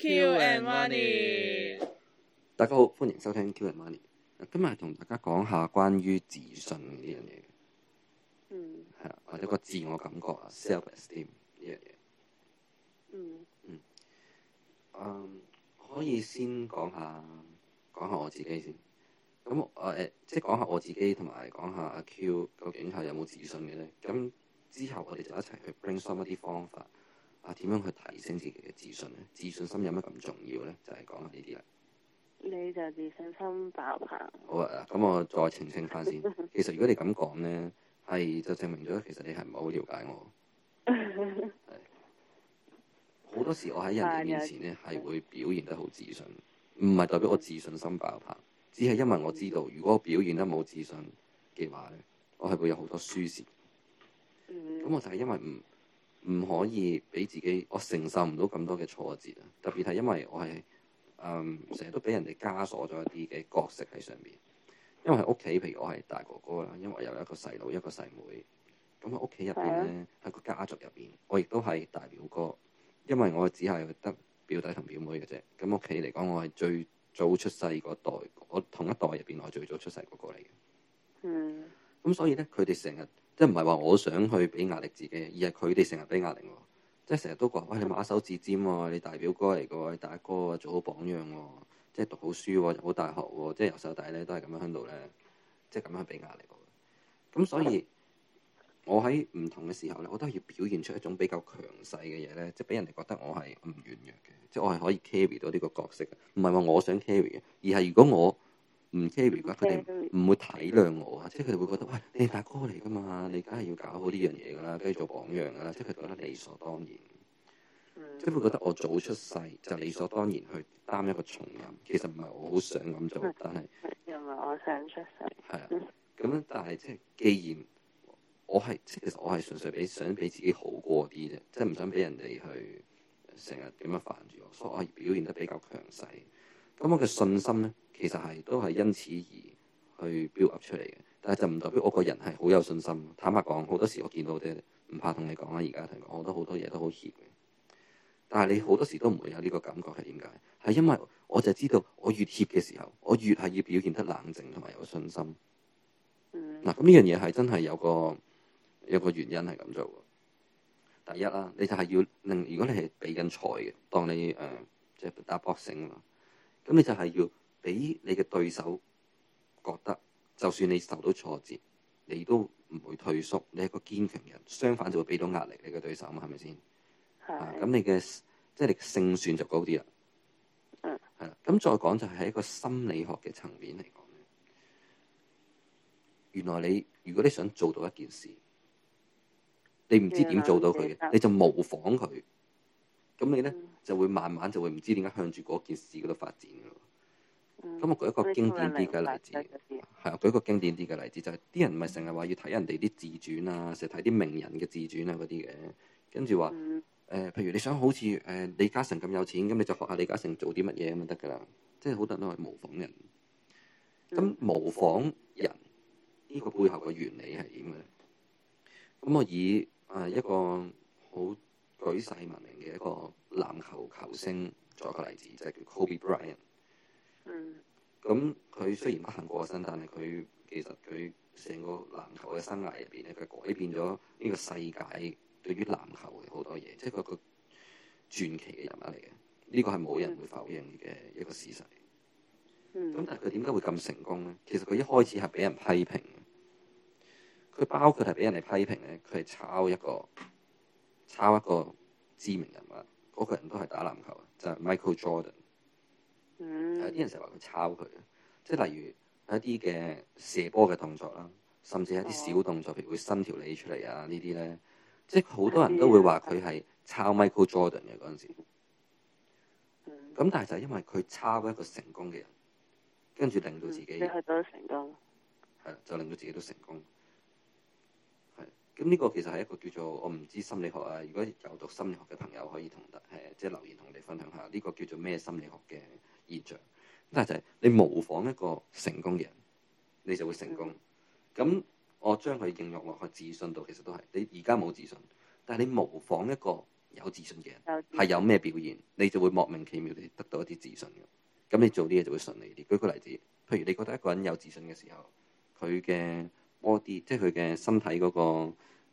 Q and Money，大家好，歡迎收聽 Q and Money。今日同大家講下關於自信呢樣嘢，係啦、嗯，或者個自我感覺啊，self esteem 呢樣嘢。嗯嗯，嗯 um, 可以先講下講下我自己先。咁我誒即係講下我自己同埋講下阿 Q 究竟係有冇自信嘅咧？咁之後我哋就一齊去 bring some 一啲方法。啊，點樣去提升自己嘅自信咧？自信心有乜咁重要咧？就係、是、講下呢啲啦。你就自信心爆棚。好啊，咁我再澄清翻先。 其實如果你咁講咧，係就證明咗其實你係唔係好了解我。好 多時我喺人哋面前咧係而會表現得好自信，唔係代表我自信心爆棚，嗯、只係因為我知道如果我表現得冇自信嘅話咧，我係會有好多輸蝕。嗯。咁我就係因為唔。唔可以俾自己，我承受唔到咁多嘅挫折啊！特別係因為我係，嗯，成日都俾人哋枷鎖咗一啲嘅角色喺上面。因為喺屋企，譬如我係大哥哥啦，因為我有一個細佬一個細妹，妹。咁喺屋企入邊咧，喺個的家族入邊，我亦都係大表哥。因為我只係得表弟同表妹嘅啫。咁屋企嚟講，我係最早出世嗰代，我同一代入邊我最早出世嗰個嚟嘅。嗯。咁所以咧，佢哋成日。即係唔係話我想去畀壓力自己，而係佢哋成日畀壓力我。即係成日都講，喂、哎，你馬手指尖啊，你大表哥嚟嘅喎，大哥啊，做好榜樣喎，即係讀好書喎，入好大學喎，即係由細到大咧都係咁樣喺度咧，即係咁樣畀壓力我。咁所以，我喺唔同嘅時候咧，我都係要表現出一種比較強勢嘅嘢咧，即係俾人哋覺得我係唔軟弱嘅，即係我係可以 carry 到呢個角色嘅。唔係話我想 carry 嘅，而係如果我。唔 care，如果佢哋唔會體諒我啊，即係佢哋會覺得，喂，你大哥嚟噶嘛，你梗係要搞好呢樣嘢噶啦，梗係做榜樣噶啦，即係佢覺得理所當然。即係、嗯、會覺得我早出世就理所當然去擔一個重任，其實唔係我好想咁做，但係，又唔係我想出世。係啊，咁樣但係即係，既然我係，即其實我係純粹俾想俾自己好過啲啫，即係唔想俾人哋去成日點樣煩住我，所以我表現得比較強勢。咁我嘅信心咧，其實係都係因此而去 build up 出嚟嘅。但係就唔代表我個人係好有信心。坦白講，好多時我見到啲唔怕同你現在講啦。而家同我，我都好多嘢都好怯嘅。但係你好多時都唔會有呢個感覺，係點解？係因為我就知道，我越怯嘅時候，我越係要表現得冷靜同埋有信心。嗱、mm，咁、hmm。呢樣嘢係真係有個有個原因係咁做嘅。第一啦，你就係要令，如果你係比緊賽嘅，當你誒即係打 boxing 啊。咁你就係要畀你嘅對手覺得，就算你受到挫折，你都唔會退縮，你係個堅強人，相反就會畀到壓力你嘅對手啊，係咪先？係是的。咁、就是、你嘅即係你勝算就高啲啦。嗯。係啦。咁再講就係一個心理學嘅層面嚟講，原來你如果你想做到一件事，你唔知點做到佢嘅，你就模仿佢。咁你咧、嗯、就會慢慢就會唔知點解向住嗰件事嗰度發展嘅。咁、嗯、我舉一個經典啲嘅例子，係、嗯嗯、啊，舉一個經典啲嘅例子就係、是、啲人唔係成日話要睇人哋啲自傳啊，成日睇啲名人嘅自傳啊嗰啲嘅，跟住話誒，譬如你想好似誒李嘉誠咁有錢，咁你就學下李嘉誠做啲乜嘢咁就得噶啦。即係好多人都係模仿人。咁模仿人呢、嗯、個背後嘅原理係點嘅呢？咁我以誒、呃、一個好。舉世聞名嘅一個籃球球星，再一個例子就係叫 Kobe Bryant。Mm. 嗯，咁佢雖然不幸過身，但係佢其實佢成個籃球嘅生涯入邊咧，佢改變咗呢個世界對於籃球好多嘢，即係佢個傳奇嘅人物嚟嘅。呢個係冇人會否認嘅一個事實。咁、mm. 嗯嗯、但係佢點解會咁成功咧？其實佢一開始係俾人批評的，佢包括係俾人哋批評咧，佢係抄一個。抄一個知名人物，嗰、那個人都係打籃球就係、是、Michael Jordan。嗯、有啲人成日話佢抄佢，即係例如一啲嘅射波嘅動作啦，甚至一啲小動作，哦、譬如會伸條脷出嚟啊呢啲咧，即係好多人都會話佢係抄 Michael Jordan 嘅嗰陣時。咁、嗯、但係就因為佢抄一個成功嘅人，跟住令到自己，你係、嗯、都成功，係就令到自己都成功。咁呢個其實係一個叫做我唔知心理學啊！如果有讀心理學嘅朋友可以同誒即係留言同你分享下，呢個叫做咩心理學嘅現象？但係就係你模仿一個成功嘅人，你就會成功。咁我將佢應用落去自信度其實都係你而家冇自信，但係你模仿一個有自信嘅人係有咩表現，你就會莫名其妙地得到一啲自信嘅。咁你做啲嘢就會順利啲。舉個例子，譬如你覺得一個人有自信嘅時候，佢嘅。我哋即係佢嘅身體嗰、嗰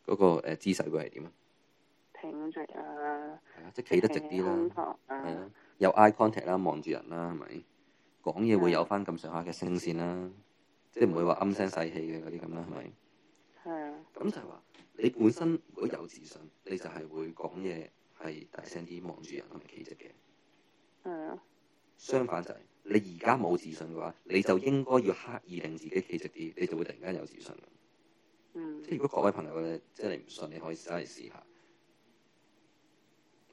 個嗰、嗰個、姿勢會係點啊？挺直啊！係啊，即係企得直啲啦。係啊，有 eye contact 啦，望住人啦，係咪？講嘢會有翻咁上下嘅聲線啦，的即係唔會話暗聲細氣嘅嗰啲咁啦，係咪？係啊的。咁就係話，你本身如果有自信，你就係會講嘢係大聲啲，望住人同埋企直嘅。係啊。的相反就係、是。你而家冇自信嘅話，你就應該要刻意令自己企直啲，你就會突然間有自信。嗯、即係如果各位朋友咧，即係你唔信，你可以真係試下。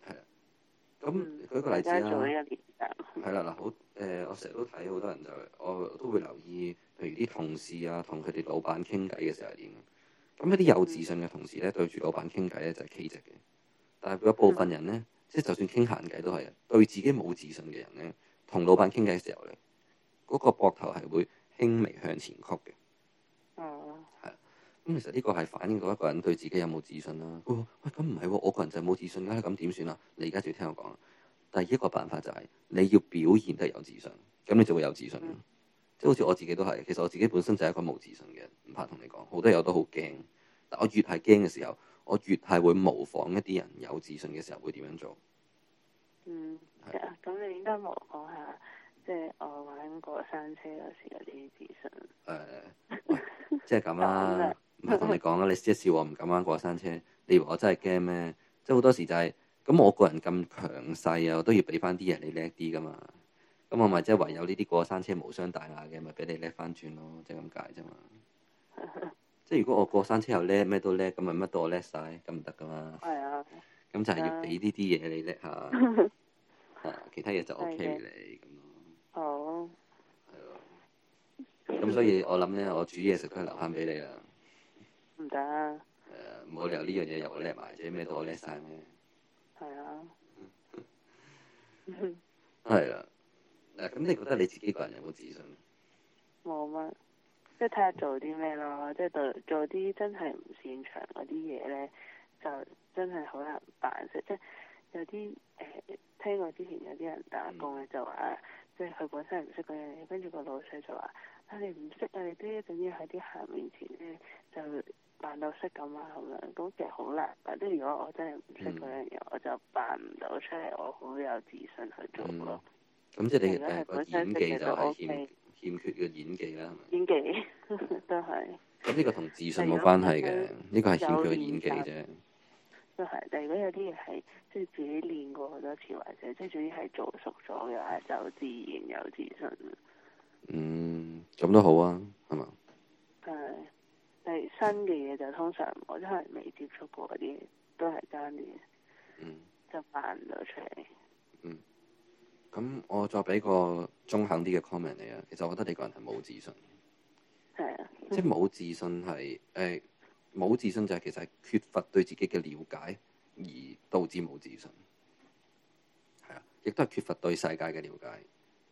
係。咁舉、嗯、個例子啦、啊。係啦嗱，好誒、呃，我成日都睇好多人就，我都會留意，譬如啲同事啊，同佢哋老闆傾偈嘅時候係點。咁一啲有自信嘅同事咧，嗯、對住老闆傾偈咧就係企直嘅。但係佢一部分人咧，嗯、即係就算傾閒偈都係，對自己冇自信嘅人咧。同老闆傾偈嘅時候咧，嗰、那個膊頭係會輕微向前曲嘅。哦、啊，係咁其實呢個係反映到一個人對自己有冇自信啦、啊。喂、哦，咁唔係喎，我個人就冇自信㗎啦，咁點算啊？你而家就要聽我講啦。但係一個辦法就係、是、你要表現得有自信，咁你就會有自信。即係、嗯、好似我自己都係，其實我自己本身就係一個冇自信嘅，唔怕同你講。好多嘢我都好驚，但我越係驚嘅時候，我越係會模仿一啲人有自信嘅時候會點樣做。嗯。係啊，咁你點解冇講下，即係我玩過山車嗰時嗰啲資訊誒，即係咁啦，唔係同你講啦、啊。你試一試，我唔敢玩過山車。你話我真係驚咩？即係好多時就係、是、咁。我個人咁強勢啊，我都要俾翻啲嘢你叻啲噶嘛。咁我咪即係唯有呢啲過山車無傷大雅嘅，咪俾你叻翻轉咯，即係咁解啫嘛。 即係如果我過山車又叻咩都叻，咁咪乜都我叻晒，咁唔得噶嘛。係啊，咁、啊、就係要俾呢啲嘢你叻下。 其他嘢就我 carry 你咁咯。哦，係、oh. 咯。咁所以，我諗咧，我煮嘢食都係留翻俾你啦。唔得、啊。誒、啊，冇理由呢樣嘢又我叻埋啫，咩都我叻曬咩。係啊。係啊。嗱，咁你覺得你自己個人有冇自信？冇乜，即係睇下做啲咩咯。即係對，做做啲真係唔擅長嗰啲嘢咧，就真係好難辦。即係。有啲誒、呃、聽過之前有啲人打工咧就話，嗯、即係佢本身唔識嗰樣嘢，跟住個老細就話，你唔識啊，你都一定要喺啲客面前咧就扮到識咁啊咁樣，咁其實好難噶。即如果我真係唔識嗰樣嘢，嗯、我就扮唔到出嚟，我好有自信去做咯。咁、嗯嗯、即係你誒個演技就係欠缺嘅演技啦，演技 都係是。咁呢個同自信冇關係嘅，呢個係欠缺嘅演技啫。都係，但如果有啲嘢係即係自己練過好多次，或者即係主要係做熟咗嘅話，就自然有自信。嗯，咁都好啊，係嘛？係，但係新嘅嘢就通常我都係未接觸過嗰啲，都係艱難。嗯。就扮唔到出嚟。嗯。咁我再俾個中肯啲嘅 comment 你啊，其實我覺得你個人係冇自信。係啊。即係冇自信係誒。嗯欸冇自信就係其實係缺乏對自己嘅了解，而導致冇自信，係啊，亦都係缺乏對世界嘅了解，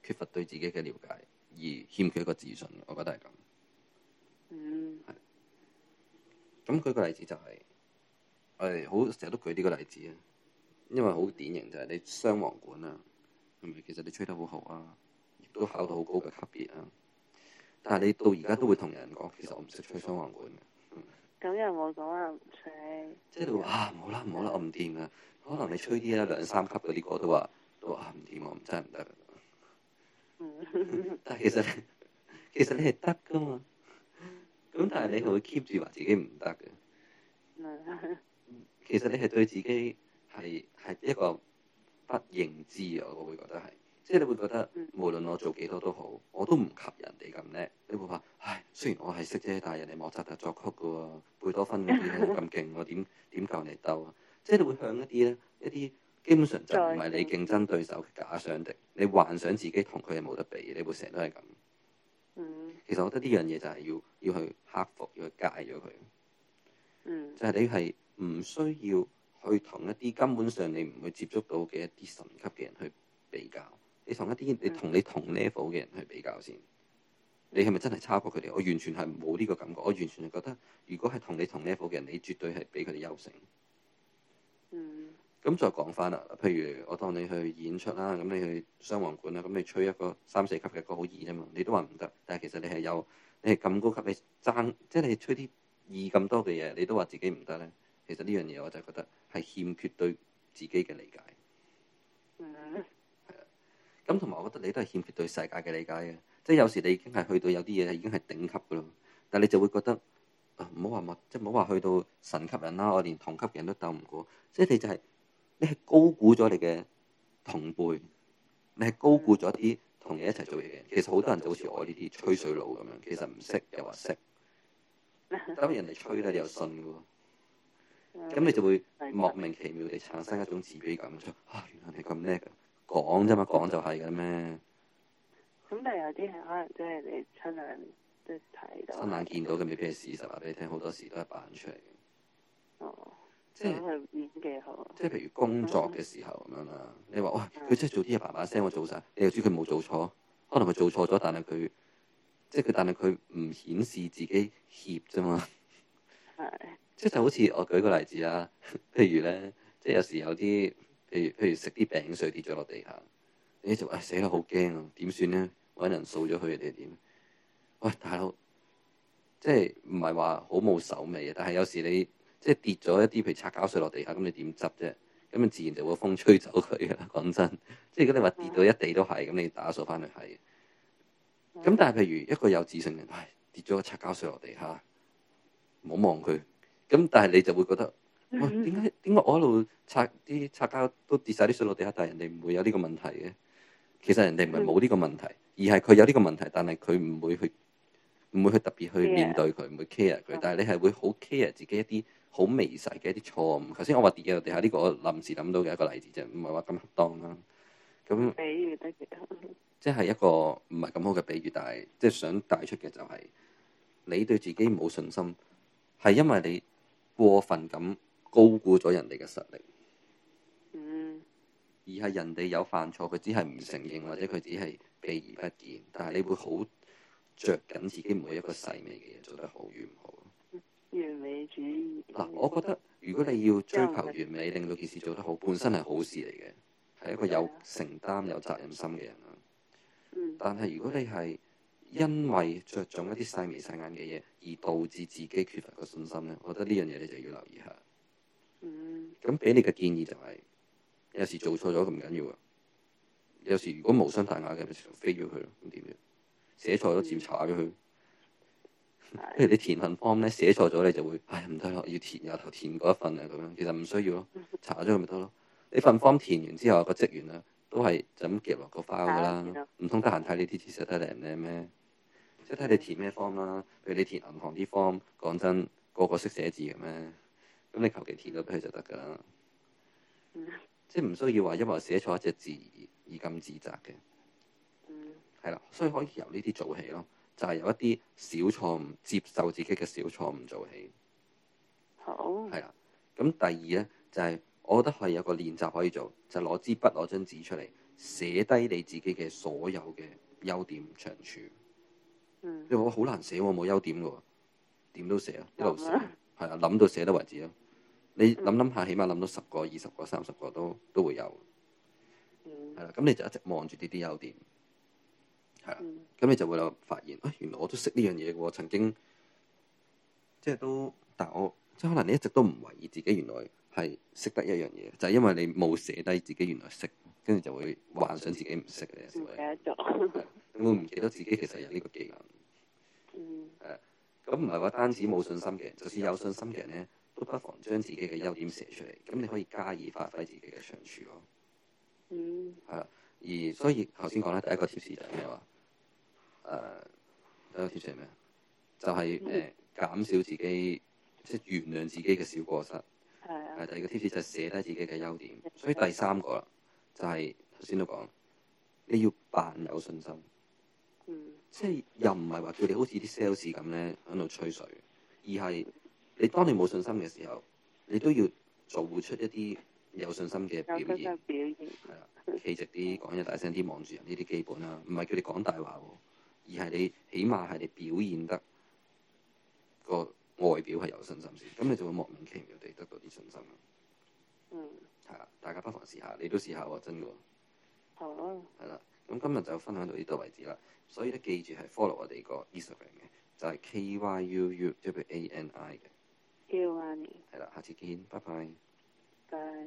缺乏對自己嘅了解而欠缺一個自信。我覺得係咁，嗯，係。咁舉個例子就係，誒，我哋好成日都舉呢個例子啊，因為好典型就係你雙簧管啊，係咪？其實你吹得好好啊，亦都考到好高嘅級別啊，但係你到而家都會同人講，其實我唔識吹雙簧管嘅。咁又冇講有啊，唔識，即係話啊，唔好啦，唔好啦，我唔掂啊。」可能你吹啲啊兩三級嗰啲歌都話都話唔掂，我真，真係唔得。但係其實其實你係得㗎嘛，咁但係你係會 keep 住話自己唔得嘅。其實你係 對自己係係一個不認知，我會覺得係。即係你會覺得，無論我做幾多都好，我都唔及人哋咁叻。你會話：唉，雖然我係識啫，但係人哋莫扎特作曲嘅喎，貝多芬咁咁勁， 我點點夠你鬥啊？即係你會向一啲咧，一啲基本上就唔係你競爭對手嘅假想敵，你幻想自己同佢係冇得比。你會成日都係咁。嗯，其實我覺得呢樣嘢就係要要去克服，要去戒咗佢。嗯， 就係你係唔需要去同一啲根本上你唔會接觸到嘅一啲神級嘅人去比較。你，你，你同一啲你同你同 level 嘅人去比較先，你係咪真係差過佢哋？我完全係冇呢個感覺，我完全係覺得，如果係同你同 level 嘅人，你絕對係比佢哋優勝。嗯。咁再講翻啦，譬如我當你去演出啦，咁你去雙簧管啦，咁你吹一個三四級嘅歌好易啫嘛，你都話唔得，但係其實你係有，你係咁高級，你爭，即係你吹啲二咁多嘅嘢，你都話自己唔得咧。其實呢樣嘢我就覺得係欠缺對自己嘅理解。嗯。咁同埋，我覺得你都係欠缺對世界嘅理解嘅，即係有時你已經係去到有啲嘢已經係頂級嘅啦，但係你就會覺得啊，唔好話冇，即係唔好話去到神級人啦，我連同級人都鬥唔過，即係你就係你係高估咗你嘅同輩，你係高估咗啲同你一齊做嘢嘅人，其實好多人就好似我呢啲吹水佬咁樣，其實唔識又話識，咁人哋吹咧你又信喎，咁你就會莫名其妙地產生一種自卑感，啊，原來你咁叻㗎。講啫嘛，講就係嘅咧咩？咁但係有啲係可能即係你親眼都睇到，親眼見到嘅未必係事實啊！話俾你聽，好多時都係扮出嚟嘅。哦，即係演技好，即係譬如工作嘅時候咁樣啦。你話哇，佢真係做啲嘢叭叭聲，我做晒，你又知佢冇做錯，可能佢做錯咗，但係佢即係佢，但係佢唔顯示自己怯啫嘛。係、嗯。即係就好似我舉個例子啊，譬如咧，即係有時有啲。譬如譬如食啲餅碎跌咗落地下，你就話、哎、死得好驚啊！點算咧？揾人掃咗佢定係點？喂，大佬，即係唔係話好冇手尾？啊，但係有時你即係跌咗一啲譬如擦膠碎落地下，咁你點執啫？咁啊自然就會風吹走佢㗎喇！講真，即係如果你話跌到一地都係，咁你打掃翻去係。咁但係譬如一個有自信嘅，唉、哎，跌咗個擦膠碎落地下，唔好望佢。咁但係你就會覺得。哇！點解點解我一路拆啲拆膠都跌晒啲水落地下，但係人哋唔會有呢個問題嘅？其實人哋唔係冇呢個問題，嗯、而係佢有呢個問題，但係佢唔會去唔會去特別去面對佢，唔會 care 佢。但係你係會好 care 自己一啲好微細嘅一啲錯誤。頭先我話跌喺度地下，呢個我臨時諗到嘅一個例子就唔係話咁恰當啦。咁，比喻得幾多？即係一個唔係咁好嘅比喻，但係即係想帶出嘅就係、係、你對自己冇信心，係因為你過分咁。高估咗人哋嘅實力，嗯，而係人哋有犯錯，佢只係唔承認，或者佢只係避而不見。但係你會好着緊自己每一個細微嘅嘢做得好與唔好。完美主義嗱，嗯嗯、我覺得如果你要追求完美，因為令到件事做得好，本身係好事嚟嘅，係一個有承擔、嗯、有責任心嘅人。啊、嗯。但係如果你係因為着重一啲細眉細眼嘅嘢，而導致自己缺乏個信心咧，我覺得呢樣嘢你就要留意下。嗯，咁俾你嘅建議就係、是、有時做錯咗咁緊要啊！有時如果無傷大雅嘅，咪直接飛咗佢咯，咁點樣寫錯都照、嗯、查咗佢。譬的如你填份方 o 咧，寫錯咗你就會，唉，唔得咯，要填又頭、啊、填嗰一份啊咁樣，其實唔需要咯，查咗佢咪得咯。 你份方填完之後，個職員啊都係的就咁夾落個花 i l 噶啦，唔通得閒睇你啲資料得靚咩？即係睇你填咩方啦。譬如你填銀行啲方，o 講真，個個識寫字嘅咩？咁你求其填咗畀佢就得噶啦，嗯、即係唔需要話因為寫錯一隻字而而咁自責嘅，係啦、嗯，所以可以由呢啲做起咯，就係、是、由一啲小錯誤接受自己嘅小錯誤做起，好，係啦。咁第二咧就係、是，我覺得係有個練習可以做，就攞支筆攞張紙出嚟寫低你自己嘅所有嘅優點長處。嗯、你話我好難寫，我冇優點嘅，點都寫，一路寫。係啊，諗到寫得為止咯。你諗諗下，起碼諗到十個、二十個、三十個都都會有。係啦、嗯，咁你就一直望住呢啲優點。係啦，咁、嗯、你就會有發現啊、哎！原來我都識呢樣嘢嘅喎，曾經即係都，但係我即係可能你一直都唔懷疑自己，原來係識得一樣嘢，就係因為你冇寫低自己原來識，跟住就會幻想自己唔識嘅。唔記得咗？有 唔記得自己其實有呢個技能？咁唔係話單止冇信心嘅，就算有信心嘅人咧，都不妨將自己嘅優點寫出嚟。咁你可以加以發揮自己嘅長處咯。嗯。係啦，而所以頭先講咧，第一個貼士就係咩話？誒，第一個貼士係咩？就係誒減少自己，即係原諒自己嘅小過失。係啊、嗯。第二個貼士就係寫低自己嘅優點。所以第三個啦，就係頭先都講，你要扮有信心。即係又唔係話佢哋好似啲 sales 咁咧，喺度吹水，而係你當你冇信心嘅時候，你都要做出一啲有信心嘅表現，係啦，企直啲，講嘢大聲啲，望住人呢啲基本啦。唔係佢哋講大話，而係你起碼係你表現得個外表係有信心先，咁你就會莫名其妙地得到啲信心。嗯，係啦，大家不妨試下，你都試下喎，真嘅。好啊，係啦。咁今日就分享到呢度為止啦，所以咧記住係 follow 我哋個 Instagram 嘅，就係 K Y U U W A N I 嘅。叫啊！係啦，下次見，拜拜。拜。